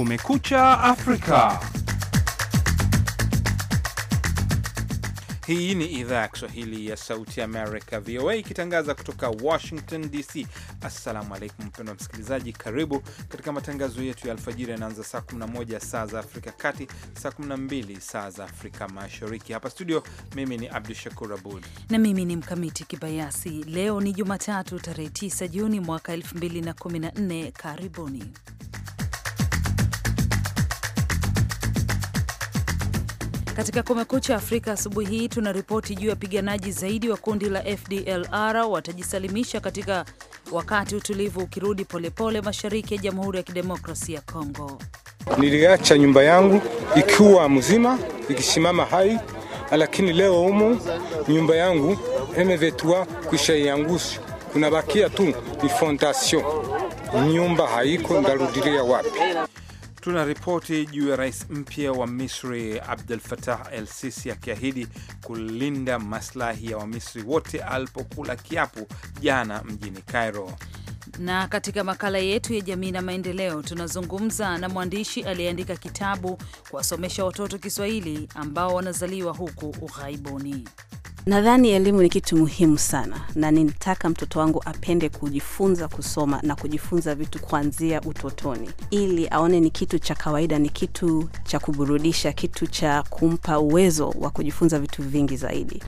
Kumekucha Afrika. Hii ni idhaa ya Kiswahili ya Sauti ya Amerika, VOA, ikitangaza kutoka Washington DC. Assalamu alaikum, mpendwa msikilizaji, karibu katika matangazo yetu ya alfajiri. Yanaanza saa 11 saa za Afrika Kati, saa 12 saa za Afrika Mashariki. Hapa studio, mimi ni Abdu Shakur Abud na mimi ni Mkamiti Kibayasi. Leo ni Jumatatu, tarehe 9 Juni mwaka 2014. Karibuni Katika Kumekucha Afrika asubuhi hii tuna ripoti juu ya wapiganaji zaidi wa kundi la FDLR watajisalimisha katika wakati utulivu ukirudi polepole mashariki ya Jamhuri ya Kidemokrasia ya Kongo. Niliacha nyumba yangu ikiwa mzima ikisimama hai, lakini leo humo nyumba yangu mv3 kuishaiangusha, kunabakia tu ni fondation, nyumba haiko, ndarudilia wapi? Tuna ripoti juu ya rais mpya wa Misri Abdel Fattah El Sisi akiahidi kulinda maslahi ya Wamisri wote alipokula kiapo jana mjini Cairo. Na katika makala yetu ya jamii na maendeleo, tunazungumza na mwandishi aliyeandika kitabu kuwasomesha watoto Kiswahili ambao wanazaliwa huku ughaibuni. Nadhani elimu ni kitu muhimu sana, na nilitaka mtoto wangu apende kujifunza kusoma na kujifunza vitu kuanzia utotoni, ili aone ni kitu cha kawaida, ni kitu cha kuburudisha, kitu cha kumpa uwezo wa kujifunza vitu vingi zaidi.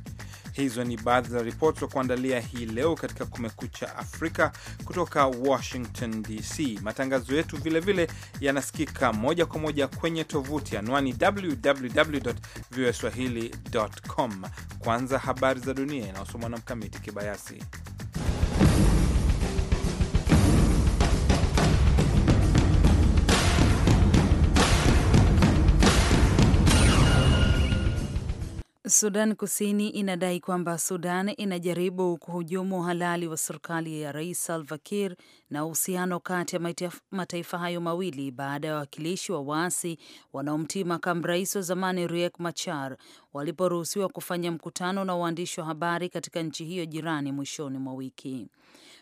Hizo ni baadhi za ripoti za kuandalia hii leo katika Kumekucha Afrika kutoka Washington DC. Matangazo yetu vilevile yanasikika moja kwa moja kwenye tovuti anwani www voa com. Kwanza habari za dunia inaosomwa na Mkamiti Kibayasi. Sudan Kusini inadai kwamba Sudan inajaribu kuhujumu uhalali wa serikali ya Rais Salva Kiir na uhusiano kati ya mataifa hayo mawili baada ya wawakilishi wa waasi wanaomtii makamu rais wa zamani Riek Machar waliporuhusiwa kufanya mkutano na waandishi wa habari katika nchi hiyo jirani mwishoni mwa wiki.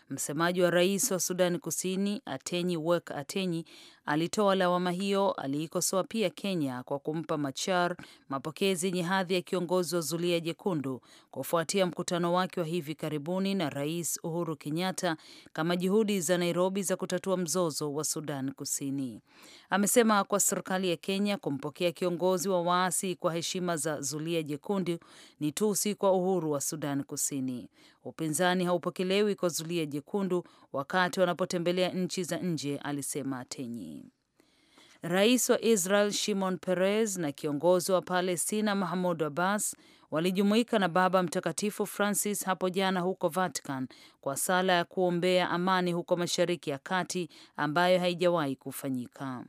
Msemaji wa rais wa Sudan Kusini Atenyi Wek Atenyi Alitoa lawama hiyo aliikosoa pia Kenya kwa kumpa Machar mapokezi yenye hadhi ya kiongozi wa zulia jekundu kufuatia mkutano wake wa hivi karibuni na Rais Uhuru Kenyatta kama juhudi za Nairobi za kutatua mzozo wa Sudan Kusini. Amesema kwa serikali ya Kenya kumpokea kiongozi wa waasi kwa heshima za zulia jekundu ni tusi kwa uhuru wa Sudan Kusini. Upinzani haupokelewi kwa zulia jekundu wakati wanapotembelea nchi za nje, alisema Tenyi. Rais wa Israel Shimon Peres na kiongozi wa Palestina Mahmud Abbas walijumuika na Baba Mtakatifu Francis hapo jana huko Vatican kwa sala ya kuombea amani huko Mashariki ya Kati ambayo haijawahi kufanyika.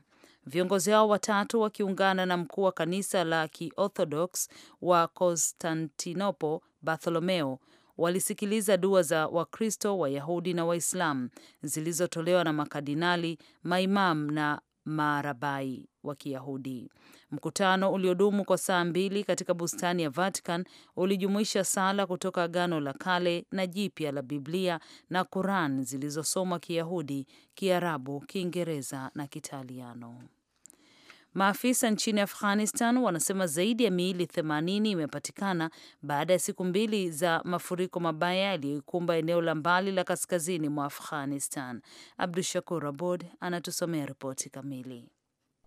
Viongozi hao watatu wakiungana na mkuu wa kanisa la Kiorthodox wa Konstantinople Bartholomeo walisikiliza dua za Wakristo, Wayahudi na Waislamu zilizotolewa na makardinali, maimam na marabai wa Kiyahudi. Mkutano uliodumu kwa saa mbili katika bustani ya Vatican ulijumuisha sala kutoka Agano la Kale na Jipya la Biblia na Quran zilizosomwa Kiyahudi, Kiarabu, Kiingereza na Kitaliano. Maafisa nchini Afghanistan wanasema zaidi ya miili 80 imepatikana baada ya siku mbili za mafuriko mabaya yaliyoikumba eneo la mbali la kaskazini mwa Afghanistan. Abdu Shakur Abod anatusomea ripoti kamili.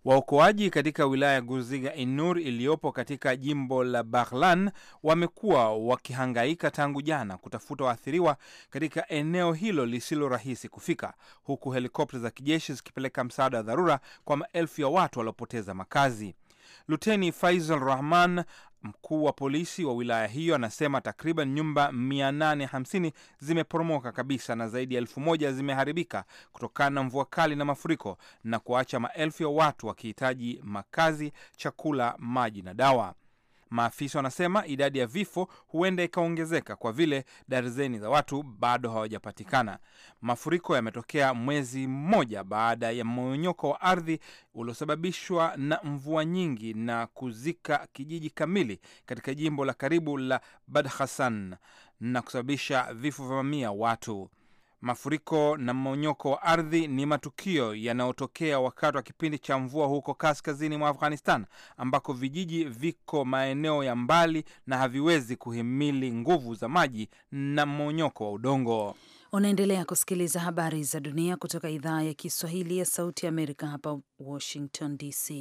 Waokoaji katika wilaya ya Guziga Inur iliyopo katika jimbo la Baghlan wamekuwa wakihangaika tangu jana kutafuta waathiriwa katika eneo hilo lisilo rahisi kufika, huku helikopta za kijeshi zikipeleka msaada wa dharura kwa maelfu ya watu waliopoteza makazi. Luteni Faisal Rahman Mkuu wa polisi wa wilaya hiyo anasema takriban nyumba 850 zimeporomoka kabisa na zaidi ya elfu moja zimeharibika kutokana na mvua kali na mafuriko na kuacha maelfu ya watu wakihitaji makazi, chakula, maji na dawa. Maafisa wanasema idadi ya vifo huenda ikaongezeka kwa vile darzeni za watu bado hawajapatikana. Mafuriko yametokea mwezi mmoja baada ya mmonyoko wa ardhi uliosababishwa na mvua nyingi na kuzika kijiji kamili katika jimbo la karibu la badhasan na kusababisha vifo vya mamia watu. Mafuriko na mmonyoko wa ardhi ni matukio yanayotokea wakati wa kipindi cha mvua huko kaskazini mwa Afghanistan, ambako vijiji viko maeneo ya mbali na haviwezi kuhimili nguvu za maji na mmonyoko wa udongo. Unaendelea kusikiliza habari za dunia kutoka idhaa ya Kiswahili ya Sauti ya Amerika, hapa Washington DC.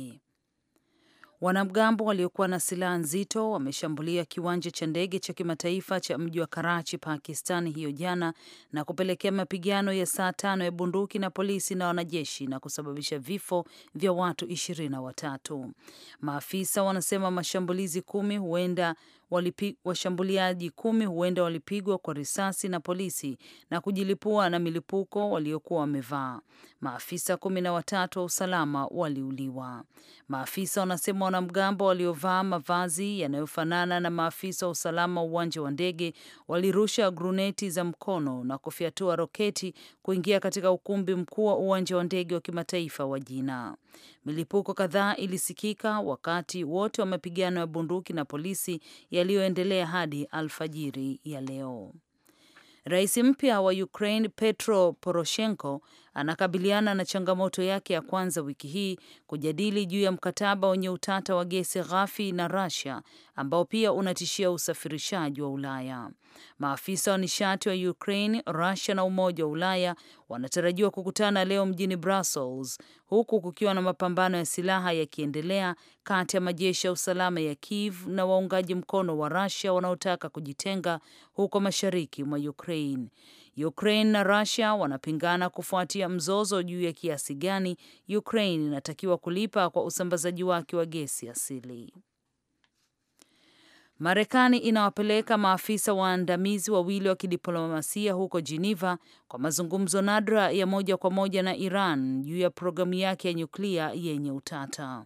Wanamgambo waliokuwa na silaha nzito wameshambulia kiwanja cha ndege cha kimataifa cha mji wa Karachi, Pakistan hiyo jana na kupelekea mapigano ya saa tano ya bunduki na polisi na wanajeshi na kusababisha vifo vya watu ishirini na watatu. Maafisa wanasema mashambulizi kumi huenda washambuliaji kumi huenda walipigwa kwa risasi na polisi na kujilipua na milipuko waliokuwa wamevaa. Maafisa kumi na watatu wa usalama waliuliwa. Maafisa wanasema wanamgambo waliovaa mavazi yanayofanana na maafisa wa usalama wa uwanja wa ndege walirusha gruneti za mkono na kufyatua roketi kuingia katika ukumbi mkuu wa uwanja wa ndege wa kimataifa wa Jina. Milipuko kadhaa ilisikika wakati wote wa mapigano ya bunduki na polisi ya yaliyoendelea hadi alfajiri ya leo. Rais mpya wa Ukraine Petro Poroshenko anakabiliana na changamoto yake ya kwanza wiki hii kujadili juu ya mkataba wenye utata wa gesi ghafi na Russia ambao pia unatishia usafirishaji wa Ulaya. Maafisa wa nishati wa Ukraine, Russia na Umoja wa Ulaya wanatarajiwa kukutana leo mjini Brussels, huku kukiwa na mapambano ya silaha yakiendelea kati ya majeshi ya usalama ya Kiev na waungaji mkono wa Russia wanaotaka kujitenga huko mashariki mwa Ukraine. Ukraine na Russia wanapingana kufuatia mzozo juu ya kiasi gani Ukraine inatakiwa kulipa kwa usambazaji wake wa gesi asili. Marekani inawapeleka maafisa waandamizi wawili wa kidiplomasia huko Geneva kwa mazungumzo nadra ya moja kwa moja na Iran juu ya programu yake ya nyuklia yenye utata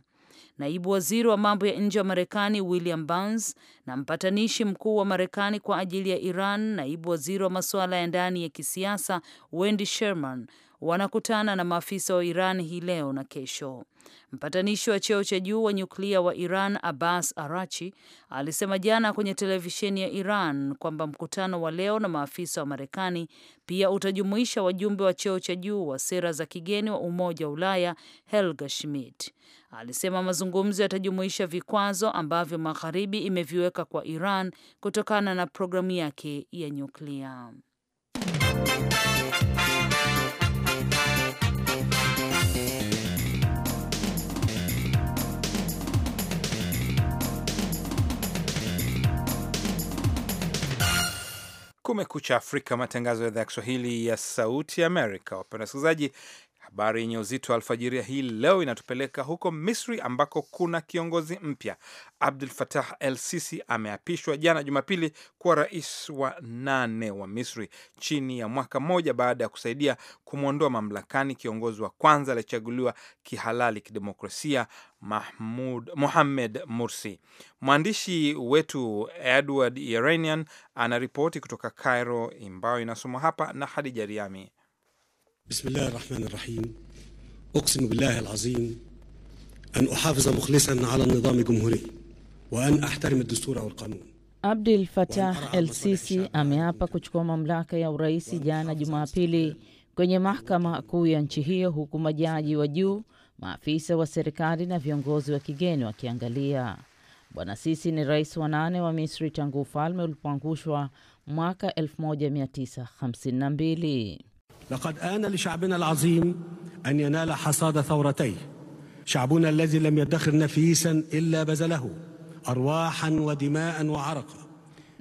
naibu waziri wa mambo ya nje wa Marekani William Burns na mpatanishi mkuu wa Marekani kwa ajili ya Iran, naibu waziri wa masuala ya ndani ya kisiasa Wendy Sherman wanakutana na maafisa wa Iran hii leo na kesho. Mpatanishi wa cheo cha juu wa nyuklia wa Iran Abbas Arachi alisema jana kwenye televisheni ya Iran kwamba mkutano wa leo na maafisa wa Marekani pia utajumuisha wajumbe wa cheo cha juu wa sera za kigeni wa Umoja wa Ulaya Helga Schmidt. Alisema mazungumzo yatajumuisha vikwazo ambavyo Magharibi imeviweka kwa Iran kutokana na programu yake ya nyuklia. Kumekucha Afrika, matangazo ya idhaa ya Kiswahili ya Sauti Amerika. Wapenda wasikilizaji, Habari yenye uzito wa alfajiria hii leo inatupeleka huko Misri ambako kuna kiongozi mpya. Abdul Fatah El Sisi ameapishwa jana Jumapili kuwa rais wa nane wa Misri chini ya mwaka mmoja baada ya kusaidia kumwondoa mamlakani kiongozi wa kwanza aliyechaguliwa kihalali kidemokrasia Mahmud, Mohamed Mursi. Mwandishi wetu Edward Iranian anaripoti kutoka Cairo, ambayo inasomwa hapa na Hadija Riami. بسم الله الرحمن الرحيم أقسم بالله العظيم أن أحافظ مخلصا على النظام الجمهوري وأن أحترم الدستور أو القانون Abdel el-Sisi ameapa kuchukua mamlaka ya urais jana Jumapili kwenye mahakama kuu ya nchi hiyo huku majaji wa juu, maafisa wa serikali na viongozi wa kigeni wakiangalia. Bwana Sisi ni rais wa nane wa Misri tangu ufalme ulipoangushwa mwaka 1952. لقد آن لشعبنا العظيم أن ينال حصاد ثورتيه شعبنا الذي لم يدخر نفيسا إلا بذله أرواحا ودماء وعرقا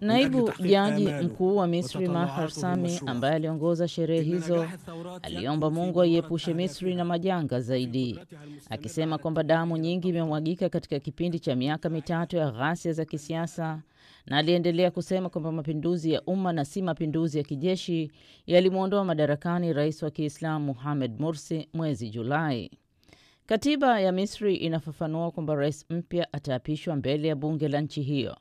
Naibu jaji mkuu wa Misri mahar Sami, ambaye aliongoza sherehe hizo, aliomba Mungu aiepushe Misri na majanga zaidi, akisema kwamba damu nyingi imemwagika katika kipindi cha miaka mitatu ya ghasia za kisiasa na aliendelea kusema kwamba mapinduzi ya umma na si mapinduzi ya kijeshi yalimwondoa madarakani rais wa Kiislamu muhamed Morsi mwezi Julai. Katiba ya Misri inafafanua kwamba rais mpya ataapishwa mbele ya bunge la nchi hiyo,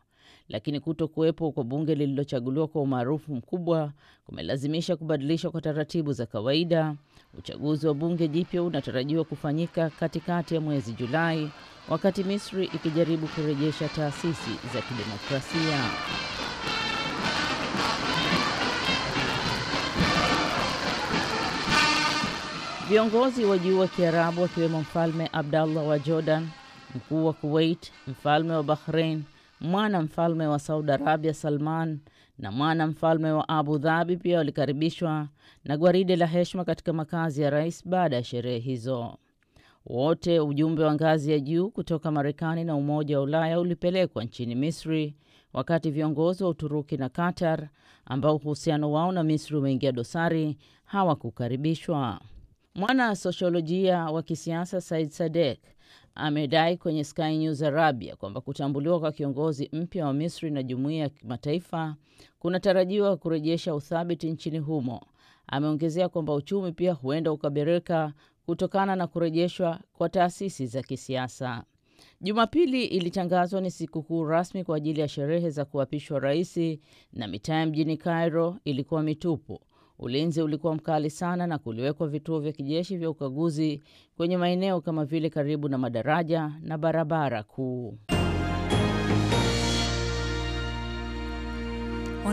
lakini kuto kuwepo kwa bunge lililochaguliwa kwa umaarufu mkubwa kumelazimisha kubadilishwa kwa taratibu za kawaida. Uchaguzi wa bunge jipya unatarajiwa kufanyika katikati ya mwezi Julai wakati Misri ikijaribu kurejesha taasisi za kidemokrasia. Viongozi wa juu wa Kiarabu wakiwemo mfalme Abdallah wa Jordan, mkuu wa Kuwait, mfalme wa Bahrain, mwana mfalme wa Saudi Arabia Salman na mwana mfalme wa Abu Dhabi pia walikaribishwa na gwaride la heshima katika makazi ya rais baada ya sherehe hizo wote. Ujumbe wa ngazi ya juu kutoka Marekani na Umoja wa Ulaya ulipelekwa nchini Misri wakati viongozi wa Uturuki na Qatar ambao uhusiano wao na Misri umeingia dosari hawakukaribishwa. Mwana sosiolojia wa kisiasa Said Sadek amedai kwenye Sky News Arabia kwamba kutambuliwa kwa kiongozi mpya wa Misri na jumuiya ya kimataifa kunatarajiwa kurejesha uthabiti nchini humo. Ameongezea kwamba uchumi pia huenda ukabereka kutokana na kurejeshwa kwa taasisi za kisiasa. Jumapili ilitangazwa ni sikukuu rasmi kwa ajili ya sherehe za kuapishwa rais, na mitaa ya mjini Cairo ilikuwa mitupu. Ulinzi ulikuwa mkali sana na kuliwekwa vituo vya kijeshi vya ukaguzi kwenye maeneo kama vile karibu na madaraja na barabara kuu.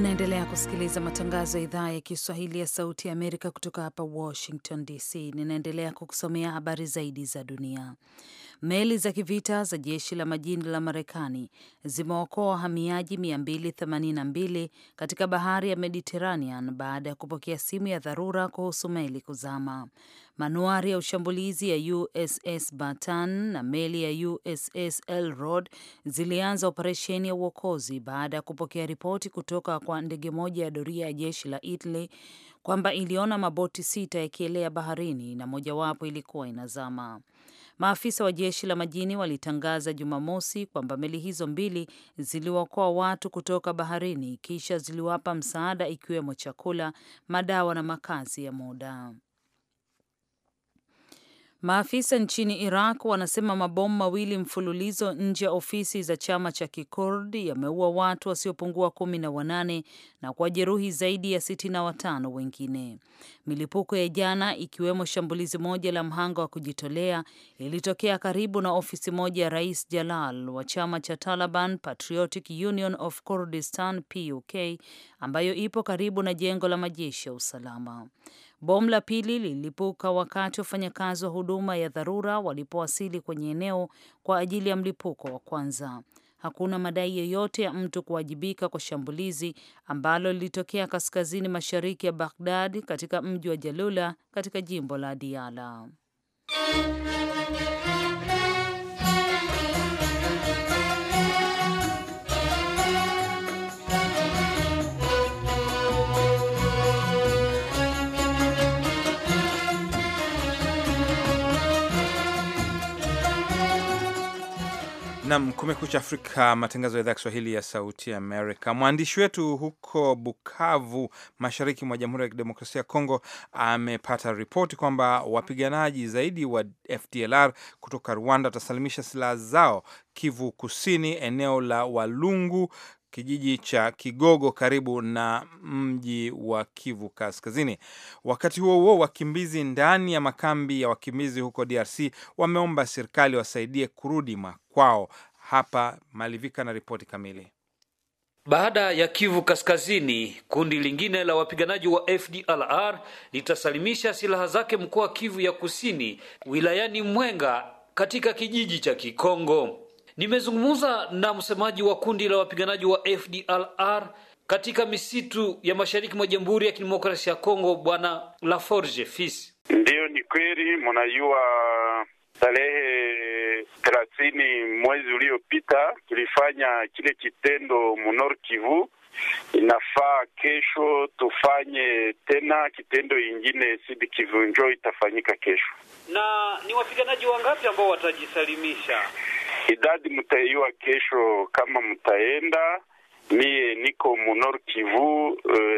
Unaendelea kusikiliza matangazo ya idhaa ya Kiswahili ya Sauti ya Amerika kutoka hapa Washington DC. Ninaendelea kukusomea habari zaidi za dunia. Meli za kivita za jeshi la majini la Marekani zimeokoa wahamiaji 282 katika bahari ya Mediterranean baada ya kupokea simu ya dharura kuhusu meli kuzama. Manuari ya ushambulizi ya USS batan na meli ya USS Elrod zilianza operesheni ya uokozi baada ya kupokea ripoti kutoka kwa ndege moja ya doria ya jeshi la Italy kwamba iliona maboti sita yakielea baharini na mojawapo ilikuwa inazama. Maafisa wa jeshi la majini walitangaza Jumamosi kwamba meli hizo mbili ziliwaokoa watu kutoka baharini, kisha ziliwapa msaada ikiwemo chakula, madawa na makazi ya muda. Maafisa nchini Iraq wanasema mabomu mawili mfululizo nje ya ofisi za chama cha Kikurdi yameua watu wasiopungua kumi na wanane na jeruhi zaidi ya sitini na watano wengine. Milipuko ya jana, ikiwemo shambulizi moja la mhanga wa kujitolea, ilitokea karibu na ofisi moja ya Rais Jalal wa chama cha Taliban Patriotic Union of Kurdistan PUK, ambayo ipo karibu na jengo la majeshi ya usalama. Bomu la pili lililipuka wakati wafanyakazi wa huduma ya dharura walipowasili kwenye eneo kwa ajili ya mlipuko wa kwanza. Hakuna madai yoyote ya mtu kuwajibika kwa shambulizi ambalo lilitokea kaskazini mashariki ya Baghdad katika mji wa Jalula katika jimbo la Diyala. Nam kumekucha Afrika, matangazo ya idhaa ya Kiswahili ya Sauti ya Amerika. Mwandishi wetu huko Bukavu, mashariki mwa Jamhuri ya Kidemokrasia ya Kongo, amepata ripoti kwamba wapiganaji zaidi wa FDLR kutoka Rwanda watasalimisha silaha zao Kivu Kusini, eneo la Walungu, kijiji cha Kigogo karibu na mji wa Kivu Kaskazini. Wakati huo huo, wakimbizi ndani ya makambi ya wakimbizi huko DRC wameomba serikali wasaidie kurudi kwao. Hapa Malivika na ripoti kamili. Baada ya Kivu Kaskazini, kundi lingine la wapiganaji wa FDLR litasalimisha silaha zake mkoa wa Kivu ya Kusini, wilayani Mwenga, katika kijiji cha Kikongo. Nimezungumza na msemaji wa kundi la wapiganaji wa FDLR katika misitu ya mashariki mwa Jamhuri ya Kidemokrasia ya Kongo, Bwana Laforge Fis. Ndiyo, ni kweli mnajua tarehe thelathini mwezi uliopita tulifanya kile kitendo munor Kivu. Inafaa kesho tufanye tena kitendo ingine Sud Kivu, njo itafanyika kesho. Na ni wapiganaji wangapi ambao watajisalimisha? Idadi mtaiwa kesho kama mtaenda Mie niko munor Kivu uh,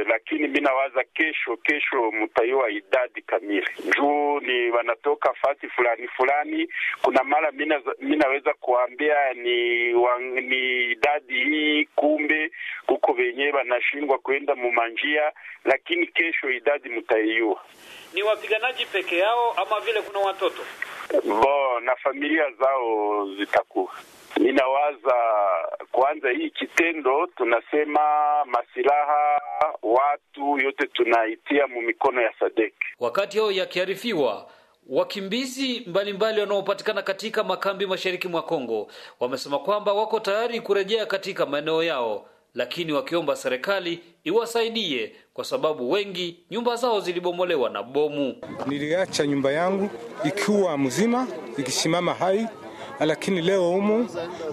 lakini minawaza kesho kesho mutaiwa idadi kamili juu ni wanatoka fasi fulani fulani. Kuna mara mina, minaweza kuambia ni, wang, ni idadi hii, kumbe kuko venyewe wanashindwa kwenda mumanjia, lakini kesho idadi mutaiua. Ni wapiganaji peke yao ama vile kuna watoto bo na familia zao zitakuwa, ninawaza kutekeleza hii kitendo, tunasema masilaha watu yote tunaitia mu mikono ya Sadek. Wakati hao yakiarifiwa, wakimbizi mbalimbali wanaopatikana katika makambi mashariki mwa Kongo wamesema kwamba wako tayari kurejea katika maeneo yao, lakini wakiomba serikali iwasaidie kwa sababu wengi nyumba zao zilibomolewa na bomu. Niliacha nyumba yangu ikiwa mzima ikisimama hai lakini leo humu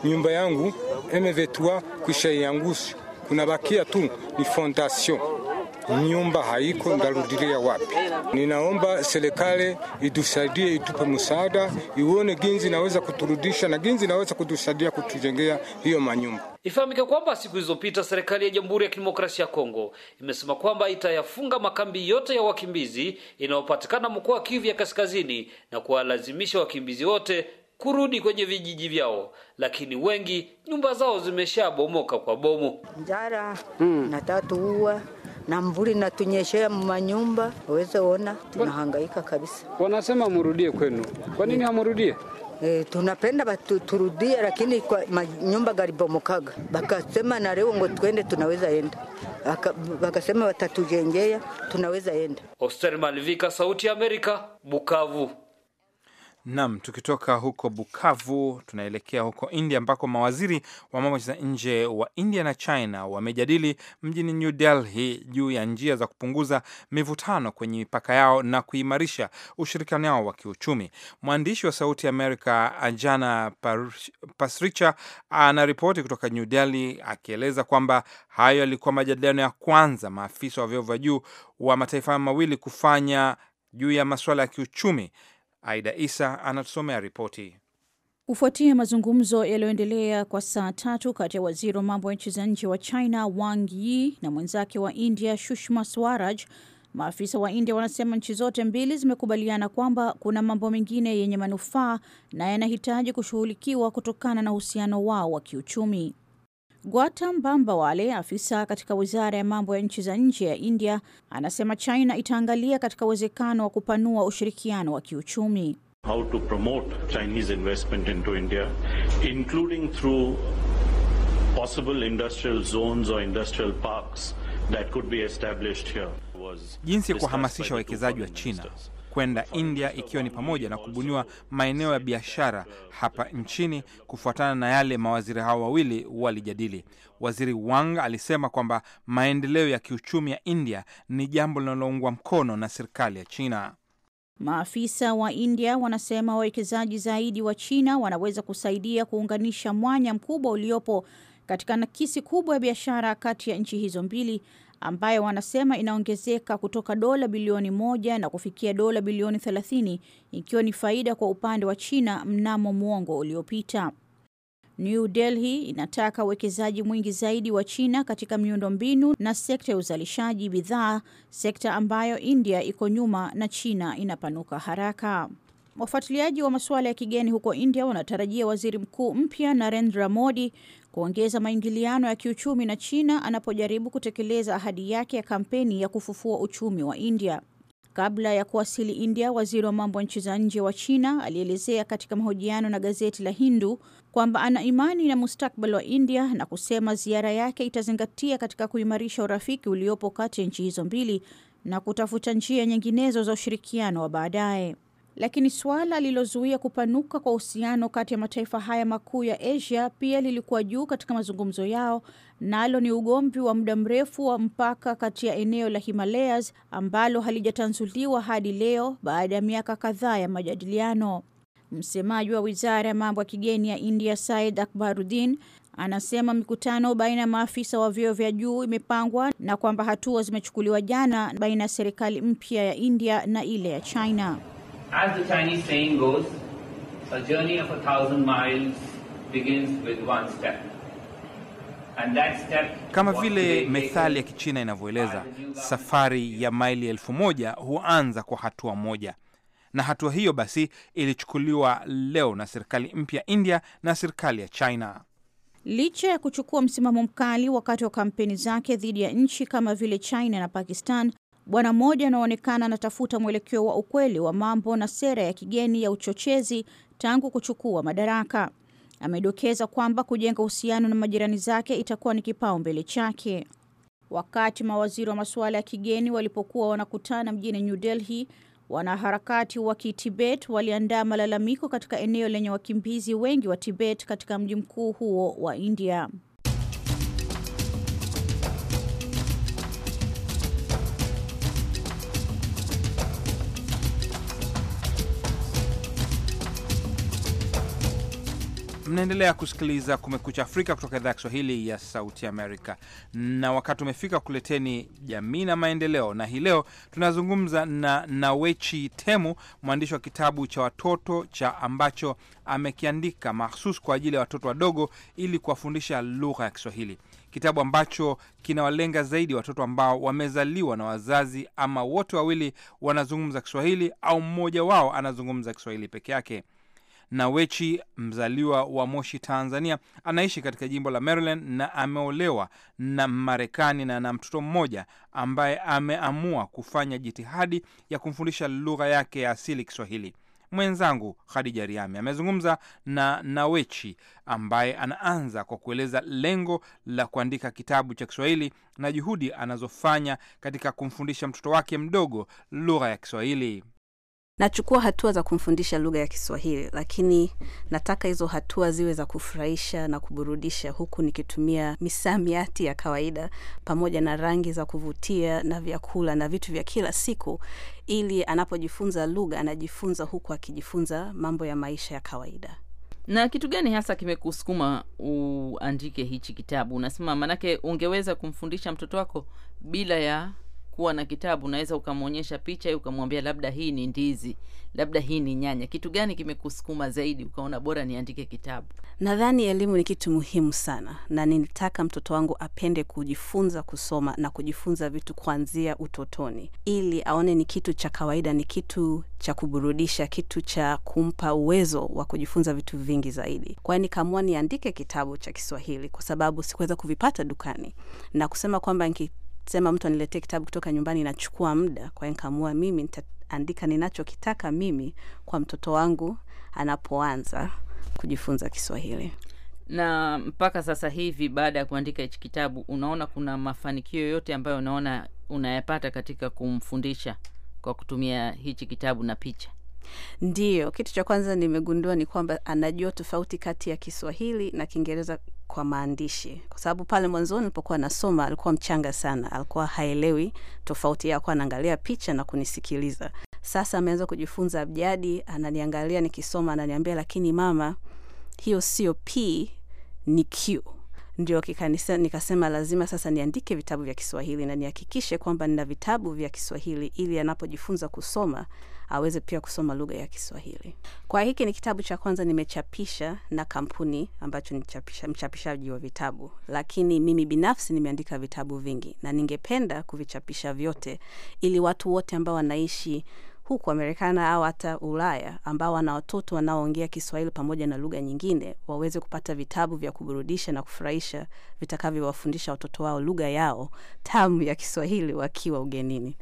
nyumba yangu M23 kushaiangusha, kunabakia tu ni fondation nyumba haiko, ndarudilia wapi? Ninaomba serikali itusaidie, itupe msaada, ione ginzi inaweza kuturudisha na ginzi inaweza kutusaidia kutujengea hiyo manyumba. Ifahamike kwamba siku zilizopita serikali ya Jamhuri ya Kidemokrasia ya Kongo imesema kwamba itayafunga makambi yote ya wakimbizi inayopatikana mkoa wa Kivu ya Kaskazini na kuwalazimisha wakimbizi wote kurudi kwenye vijiji vyao, lakini wengi nyumba zao zimeshabomoka kwa bomu. Njara hmm. na tatu uwa na mvuli inatunyeshea mumanyumba, uweze ona tunahangaika kabisa. Wanasema murudie kwenu, kwa nini hamurudie? E, tunapenda baturudie lakini kwa manyumba galibomokaga, bakasema na leo ngo twende, tunaweza enda bakasema watatujengea, tunaweza enda. Oster Malivika, Sauti ya Amerika, Bukavu. Nam, tukitoka huko Bukavu tunaelekea huko India ambako mawaziri wa mambo za nje wa India na China wamejadili mjini New Delhi juu ya njia za kupunguza mivutano kwenye mipaka yao na kuimarisha ushirikiano wao wa kiuchumi. Mwandishi wa Sauti Amerika Ajana Pasricha anaripoti kutoka New Delhi akieleza kwamba hayo yalikuwa majadiliano ya kwanza maafisa wa vyeo vya juu wa mataifa mawili kufanya juu ya masuala ya kiuchumi Aida Isa anatusomea ripoti. Kufuatia mazungumzo yaliyoendelea kwa saa tatu kati ya waziri wa mambo ya nchi za nje wa China Wang Yi na mwenzake wa India Sushma Swaraj, maafisa wa India wanasema nchi zote mbili zimekubaliana kwamba kuna mambo mengine yenye manufaa na yanahitaji kushughulikiwa kutokana na uhusiano wao wa kiuchumi. Gautam Bambawale, afisa katika wizara ya mambo ya nchi za nje ya India, anasema China itaangalia katika uwezekano wa kupanua ushirikiano wa kiuchumi. How to promote Chinese investment into India, including through possible industrial zones or industrial parks that could be established here. Jinsi ya kuhamasisha wawekezaji wa China kwenda India, ikiwa ni pamoja na kubuniwa maeneo ya biashara hapa nchini kufuatana na yale mawaziri hao wawili walijadili. Waziri Wang alisema kwamba maendeleo ya kiuchumi ya India ni jambo linaloungwa mkono na serikali ya China. Maafisa wa India wanasema wawekezaji zaidi wa China wanaweza kusaidia kuunganisha mwanya mkubwa uliopo katika nakisi kubwa ya biashara kati ya nchi hizo mbili ambayo wanasema inaongezeka kutoka dola bilioni moja na kufikia dola bilioni 30 ikiwa ni faida kwa upande wa China mnamo mwongo uliopita. New Delhi inataka uwekezaji mwingi zaidi wa China katika miundo mbinu na sekta ya uzalishaji bidhaa, sekta ambayo India iko nyuma na China inapanuka haraka. Wafuatiliaji wa masuala ya kigeni huko India wanatarajia waziri mkuu mpya Narendra Modi kuongeza maingiliano ya kiuchumi na China anapojaribu kutekeleza ahadi yake ya kampeni ya kufufua uchumi wa India. Kabla ya kuwasili India, waziri wa mambo ya nchi za nje wa China alielezea katika mahojiano na gazeti la Hindu kwamba ana imani na mustakbali wa India na kusema ziara yake itazingatia katika kuimarisha urafiki uliopo kati ya nchi hizo mbili na kutafuta njia nyinginezo za ushirikiano wa baadaye lakini suala lililozuia kupanuka kwa uhusiano kati ya mataifa haya makuu ya Asia pia lilikuwa juu katika mazungumzo yao, nalo ni ugomvi wa muda mrefu wa mpaka kati ya eneo la Himalayas ambalo halijatanzuliwa hadi leo baada ya miaka kadhaa ya majadiliano. Msemaji wa wizara ya mambo ya kigeni ya India, Said Akbaruddin, anasema mikutano baina ya maafisa wa vyeo vya juu imepangwa na kwamba hatua zimechukuliwa jana baina ya serikali mpya ya India na ile ya China. As the Chinese saying goes, a journey of a thousand miles begins with one step. And that step, kama vile methali ya Kichina inavyoeleza, safari ya maili elfu moja huanza kwa hatua moja na hatua hiyo basi ilichukuliwa leo na serikali mpya India na serikali ya China. Licha ya kuchukua msimamo mkali wakati wa kampeni zake dhidi ya nchi kama vile China na Pakistan Bwana mmoja anaonekana anatafuta mwelekeo wa ukweli wa mambo na sera ya kigeni ya uchochezi tangu kuchukua madaraka. Amedokeza kwamba kujenga uhusiano na majirani zake itakuwa ni kipaumbele chake. Wakati mawaziri wa masuala ya kigeni walipokuwa wanakutana mjini New Delhi, wanaharakati wa Kitibet waliandaa malalamiko katika eneo lenye wakimbizi wengi wa Tibet katika mji mkuu huo wa India. Mnaendelea kusikiliza Kumekucha Afrika kutoka idhaa ya Kiswahili ya Sauti Amerika, na wakati umefika kuleteni jamii na maendeleo, na hii leo tunazungumza na Nawechi Temu, mwandishi wa kitabu cha watoto cha ambacho amekiandika mahsus kwa ajili ya watoto wadogo ili kuwafundisha lugha ya Kiswahili, kitabu ambacho kinawalenga zaidi watoto ambao wamezaliwa na wazazi ama wote wawili wanazungumza Kiswahili au mmoja wao anazungumza Kiswahili peke yake na Wechi, mzaliwa wa Moshi, Tanzania, anaishi katika jimbo la Maryland na ameolewa na Marekani na ana mtoto mmoja ambaye ameamua kufanya jitihadi ya kumfundisha lugha yake ya asili Kiswahili. Mwenzangu Khadija Riami amezungumza na Nawechi ambaye anaanza kwa kueleza lengo la kuandika kitabu cha Kiswahili na juhudi anazofanya katika kumfundisha mtoto wake mdogo lugha ya Kiswahili nachukua hatua za kumfundisha lugha ya Kiswahili, lakini nataka hizo hatua ziwe za kufurahisha na kuburudisha, huku nikitumia misamiati ya kawaida pamoja na rangi za kuvutia na vyakula na vitu vya kila siku, ili anapojifunza lugha anajifunza huku akijifunza mambo ya maisha ya kawaida. Na kitu gani hasa kimekusukuma uandike hichi kitabu? Unasema manake ungeweza kumfundisha mtoto wako bila ya kuwa na kitabu unaweza ukamwonyesha picha, ukamwambia labda hii ni ndizi, labda hii ni nyanya. Kitu gani kimekusukuma zaidi ukaona bora niandike kitabu? Nadhani elimu ni kitu muhimu sana, na nilitaka mtoto wangu apende kujifunza kusoma na kujifunza vitu kuanzia utotoni, ili aone ni kitu cha kawaida, ni kitu cha kuburudisha, kitu cha kumpa uwezo wa kujifunza vitu vingi zaidi. Kwa hiyo nikaamua niandike kitabu cha Kiswahili kwa sababu sikuweza kuvipata dukani, na kusema kwamba sema mtu aniletee kitabu kutoka nyumbani inachukua muda. Kwa nkamua mimi nitaandika ninachokitaka mimi kwa mtoto wangu anapoanza kujifunza Kiswahili. Na mpaka sasa hivi baada ya kuandika hichi kitabu, unaona kuna mafanikio yote ambayo unaona unayapata katika kumfundisha kwa kutumia hichi kitabu na picha? ndio kitu cha kwanza nimegundua ni kwamba anajua tofauti kati ya Kiswahili na Kiingereza kwa maandishi, kwa sababu pale mwanzoni nilipokuwa nasoma alikuwa mchanga sana, alikuwa haelewi tofauti yako anaangalia picha na kunisikiliza. Sasa ameanza kujifunza abjadi, ananiangalia nikisoma, ananiambia lakini mama, hiyo sio p ni q. Ndio kikanisa, nikasema lazima sasa niandike vitabu vya Kiswahili na nihakikishe kwamba nina vitabu vya Kiswahili ili anapojifunza kusoma aweze pia kusoma lugha ya Kiswahili. Kwa hiki ni kitabu cha kwanza nimechapisha na kampuni ambacho ni chapisha, mchapishaji wa vitabu, lakini mimi binafsi nimeandika vitabu vingi na ningependa kuvichapisha vyote ili watu wote ambao wanaishi huku Amerikana au hata Ulaya ambao wana watoto wanaoongea Kiswahili pamoja na lugha nyingine waweze kupata vitabu vya kuburudisha na kufurahisha vitakavyowafundisha watoto wao lugha yao tamu ya Kiswahili wakiwa ugenini.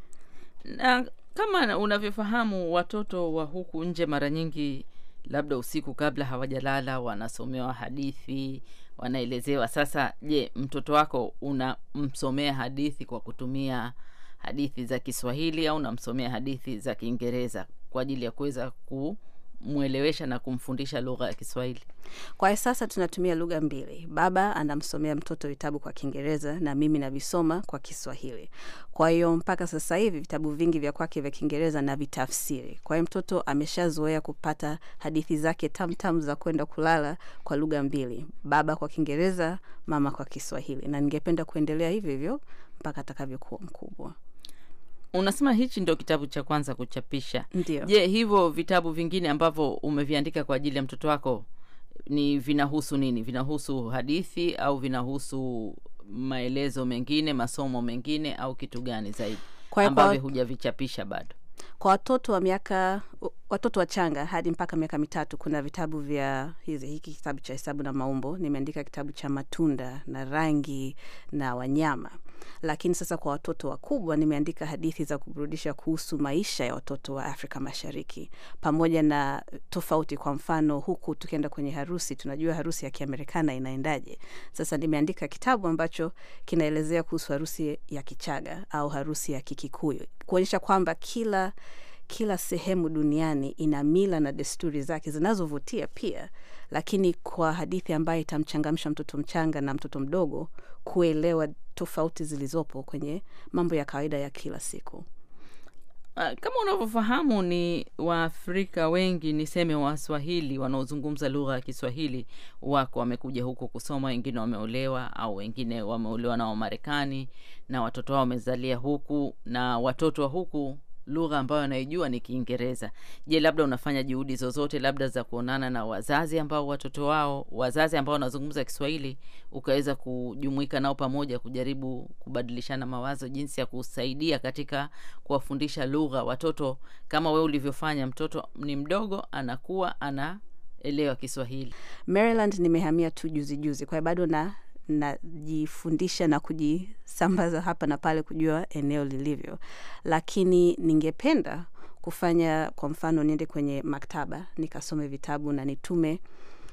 Na kama unavyofahamu, watoto wa huku nje mara nyingi, labda usiku kabla hawajalala, wanasomewa hadithi, wanaelezewa. Sasa je, mtoto wako unamsomea hadithi kwa kutumia hadithi za Kiswahili au unamsomea hadithi za Kiingereza kwa ajili ya kuweza ku kumwelewesha na kumfundisha lugha ya Kiswahili. Kwa sasa tunatumia lugha mbili, baba anamsomea mtoto vitabu kwa Kiingereza na mimi navisoma kwa Kiswahili. Kwa hiyo mpaka sasa hivi vitabu vingi vya kwake vya Kiingereza na vitafsiri. Kwa hiyo mtoto ameshazoea kupata hadithi zake tamtam za kwenda kulala kwa lugha mbili, baba kwa Kiingereza, mama kwa Kiswahili, na ningependa kuendelea hivyo hivyo mpaka atakavyokuwa mkubwa. Unasema hichi ndio kitabu cha kwanza kuchapisha? Ndio. Je, hivyo vitabu vingine ambavyo umeviandika kwa ajili ya mtoto wako ni vinahusu nini? Vinahusu hadithi au vinahusu maelezo mengine, masomo mengine, au kitu gani zaidi ambavyo hujavichapisha bado? Kwa watoto wa miaka watoto changa hadi mpaka miaka mitatu, kuna vitabu vya hizi, hiki kitabu cha hesabu na maumbo. Nimeandika kitabu cha matunda na rangi na wanyama lakini sasa kwa watoto wakubwa nimeandika hadithi za kuburudisha kuhusu maisha ya watoto wa Afrika Mashariki pamoja na tofauti. Kwa mfano, huku tukienda kwenye harusi, tunajua harusi ya Kiamerikana inaendaje. Sasa nimeandika kitabu ambacho kinaelezea kuhusu harusi ya Kichaga au harusi ya Kikikuyu, kuonyesha kwamba kila kila sehemu duniani ina mila na desturi zake zinazovutia pia lakini kwa hadithi ambayo itamchangamsha mtoto mchanga na mtoto mdogo kuelewa tofauti zilizopo kwenye mambo ya kawaida ya kila siku. Ah, kama unavyofahamu ni Waafrika wengi, niseme Waswahili wanaozungumza lugha ya Kiswahili wako wamekuja huku kusoma, wengine wameolewa au wengine wameolewa na Wamarekani na watoto wao wamezalia huku, na watoto wa huku lugha ambayo anaijua ni Kiingereza. Je, labda unafanya juhudi zozote labda za kuonana na wazazi ambao watoto wao wazazi ambao wanazungumza Kiswahili, ukaweza kujumuika nao pamoja, kujaribu kubadilishana mawazo jinsi ya kusaidia katika kuwafundisha lugha watoto, kama wewe ulivyofanya. Mtoto ni mdogo, anakuwa ana elewa Kiswahili. Maryland nimehamia tu juzi juzi, kwa hiyo bado na najifundisha na kujisambaza hapa na pale kujua eneo lilivyo, lakini ningependa kufanya kwa mfano, niende kwenye maktaba nikasome vitabu na nitume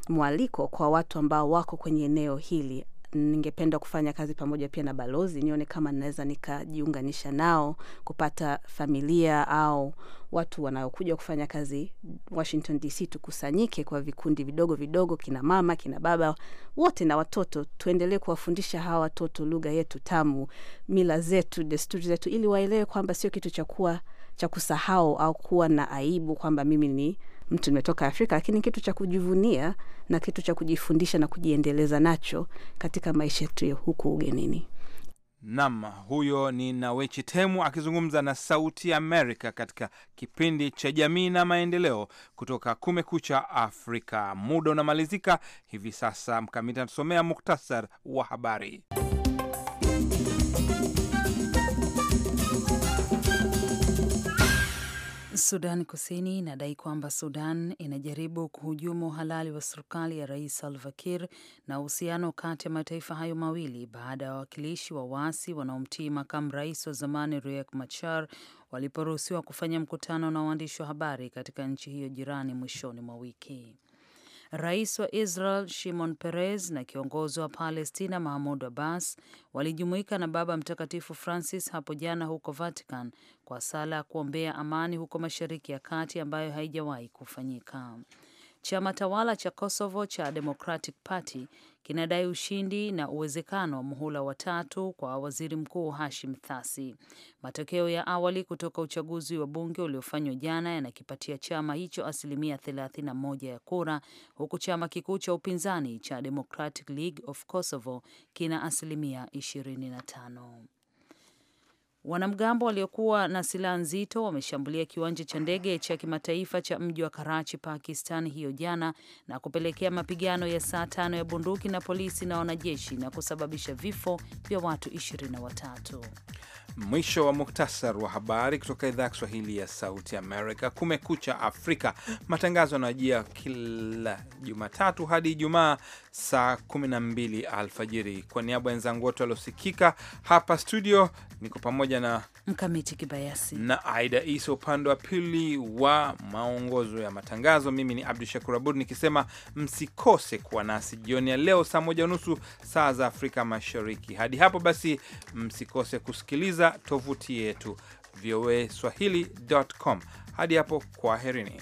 mwaliko kwa watu ambao wako kwenye eneo hili ningependa kufanya kazi pamoja pia na balozi, nione kama naweza nikajiunganisha nao kupata familia au watu wanaokuja kufanya kazi Washington DC, tukusanyike kwa vikundi vidogo vidogo, kina mama, kina baba wote na watoto, tuendelee kuwafundisha hawa watoto lugha yetu tamu, mila zetu, desturi zetu, ili waelewe kwamba sio kitu cha kuwa cha kusahau au kuwa na aibu kwamba mimi ni mtu nimetoka Afrika, lakini kitu cha kujivunia na kitu cha kujifundisha na kujiendeleza nacho katika maisha yetu huku ugenini. Nam, huyo ni Nawechi Temu akizungumza na Sauti Amerika katika kipindi cha Jamii na Maendeleo kutoka Kumekucha Afrika. Muda unamalizika hivi sasa. Mkamiti anatusomea muktasar wa habari. Sudan Kusini inadai kwamba Sudan inajaribu kuhujumu uhalali wa serikali ya Rais Salva Kiir na uhusiano kati ya mataifa hayo mawili baada ya wawakilishi wa waasi wanaomtii makamu rais wa zamani Riek Machar waliporuhusiwa kufanya mkutano na waandishi wa habari katika nchi hiyo jirani mwishoni mwa wiki. Rais wa Israel Shimon Peres na kiongozi wa Palestina Mahmud Abbas walijumuika na Baba Mtakatifu Francis hapo jana huko Vatican kwa sala ya kuombea amani huko Mashariki ya Kati ambayo haijawahi kufanyika. Chama tawala cha Kosovo cha Democratic Party kinadai ushindi na uwezekano wa muhula wa tatu kwa waziri mkuu Hashim Thasi. Matokeo ya awali kutoka uchaguzi wa bunge uliofanywa jana yanakipatia chama hicho asilimia 31 ya kura, huku chama kikuu cha upinzani cha Democratic League of Kosovo kina asilimia 25. Wanamgambo waliokuwa na silaha nzito wameshambulia kiwanja cha ndege cha kimataifa cha mji wa Karachi, Pakistan hiyo jana na kupelekea mapigano ya saa tano ya bunduki na polisi na wanajeshi na kusababisha vifo vya watu watatu. Mwisho wa muhtasar wa habari kutoka idhaa ya Kiswahili ya Sauti Amerika. Kumekucha Afrika, matangazo yanaojia kila Jumatatu hadi Ijumaa saa 12 alfajiri. Kwa niaba ya wenzangu wote waliosikika hapa studio, niko pamoja na Mkamiti Kibayasi na Aida Isa upande wa pili wa maongozo ya matangazo. Mimi ni Abdu Shakur Abud nikisema msikose kuwa nasi jioni ya leo saa moja saa za Afrika Mashariki. Hadi hapo basi, msikose kusikiliza katika tovuti yetu voaswahili.com. Hadi hapo, kwaherini.